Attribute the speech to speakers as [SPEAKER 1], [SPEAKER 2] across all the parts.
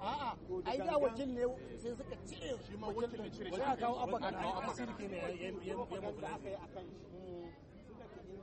[SPEAKER 1] a'a ai da suka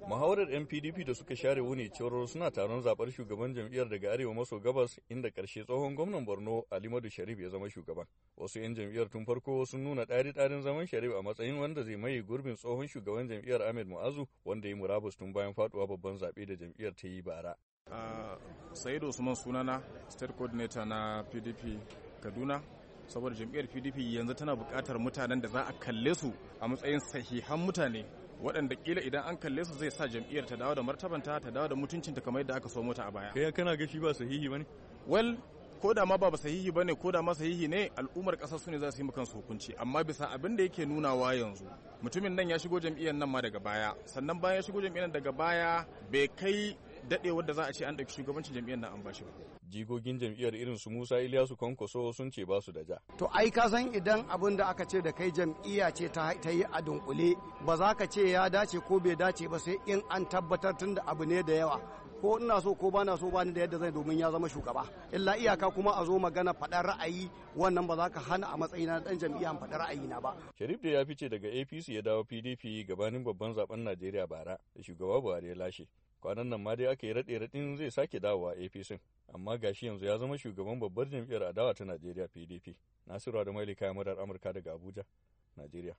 [SPEAKER 2] Mahaurar 'yan PDP da suka share wuni cewar suna taron zaɓar shugaban jam'iyyar daga arewa maso gabas inda ƙarshe tsohon gwamnan Borno Alimadu Sharif ya zama shugaban. Wasu 'yan jam'iyyar tun farko sun nuna ɗari-ɗarin zaman Sharif a matsayin wanda zai maye gurbin tsohon shugaban jam'iyyar Ahmed Mu'azu wanda ya murabus tun bayan faɗuwa babban zaɓe da jam'iyyar ta yi bara.
[SPEAKER 1] Uh, Sa'idu Usman sunana state coordinator na PDP Kaduna saboda jam'iyyar PDP yanzu tana buƙatar mutanen da za a kalle su a matsayin sahihan mutane waɗanda kila idan an kalle su zai sa jam'iyyar ta dawo da martabanta ta dawo da mutuncinta kamar yadda aka so mota a baya. Kai kana ga shi ba sahihi bane? Well, ko da ma ba sahihi bane ko da ma sahihi ne al'ummar ƙasar su ne za su yi kansu hukunci amma bisa abin da yake nunawa yanzu mutumin nan ya shigo jam'iyyar nan ma daga baya sannan bayan ya shigo jam'iyyar daga baya bai kai dadewar da za a ce an ɗauki shugabancin jam'iyyar nan an bashi ba. Jigogin
[SPEAKER 2] jam'iyyar irin su Musa Ilyasu Kwankwaso sun ce ba su da ja.
[SPEAKER 3] To ai ka san idan abin da aka ce da kai jam'iyya ce ta yi a dunkule ba za ka ce ya dace ko bai dace ba sai in an tabbatar tun da abu ne da yawa. ko ina so ko bana so bani da yadda zai domin ya zama shugaba illa iyaka kuma a zo magana faɗar ra'ayi wannan ba za ka hana a matsayin na dan jam'iyya faɗar ra'ayi na ba
[SPEAKER 2] sharif da ya fice daga APC ya dawo PDP gabanin babban zaben Najeriya bara da shugaba Buhari ya lashe kwanan nan ma dai aka yi raɗe raɗin zai sake dawowa apc amma gashi yanzu ya zama shugaban babbar jam'iyyar adawa ta najeriya pdp nasiru da mailika murar amurka daga abuja najeriya